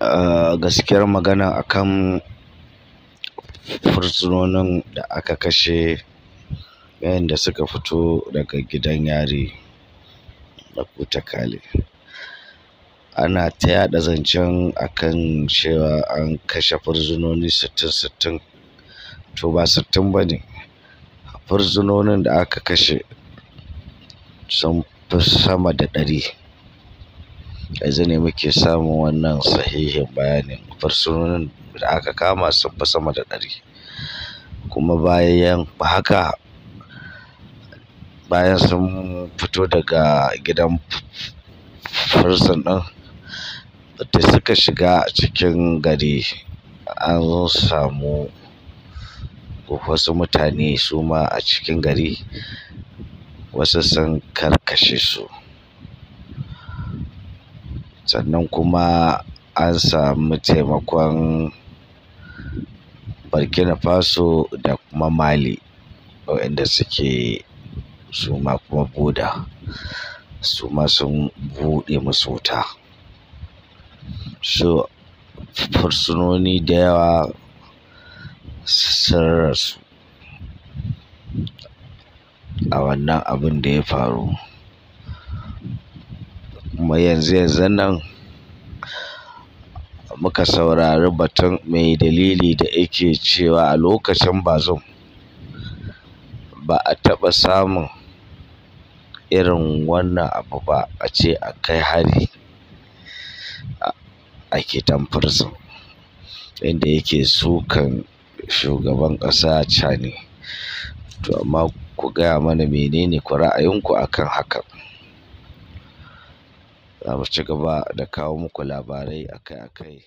Ah, gaskiyar magana akan fursunonin da aka kashe yayin suka fito daga gidan yari na Kuta Kale ana ta yaɗa zancen akan cewa an kashe fursunoni sittin sittin to ba sittin ba ne fursunonin da aka kashe sun fi sama da ɗari yanzu ne muke samun wannan sahihin bayanin fursunonin da aka kama sun fi sama da ɗari kuma bayan haka bayan sun fito daga gidan fursun ɗin da suka shiga cikin gari an samu wasu mutane su ma a cikin gari wasu sun karkashe su sannan kuma an samu taimakon Burkina Faso da kuma Mali waɗanda suke suma kuma boda suma sun buɗe musu wuta so fursunoni da yawa sun rasu a wannan abin da ya faru yanzu yanzu yanzun nan muka saurari batun mai dalili da yake cewa a lokacin Bazum ba a taɓa samun irin wannan abu ba a ce a kai hari a gidan inda yake sukan shugaban ƙasa Chani to amma ku gaya mana menene ku ra'ayinku akan hakan. za mu ci gaba da kawo muku labarai akai-akai.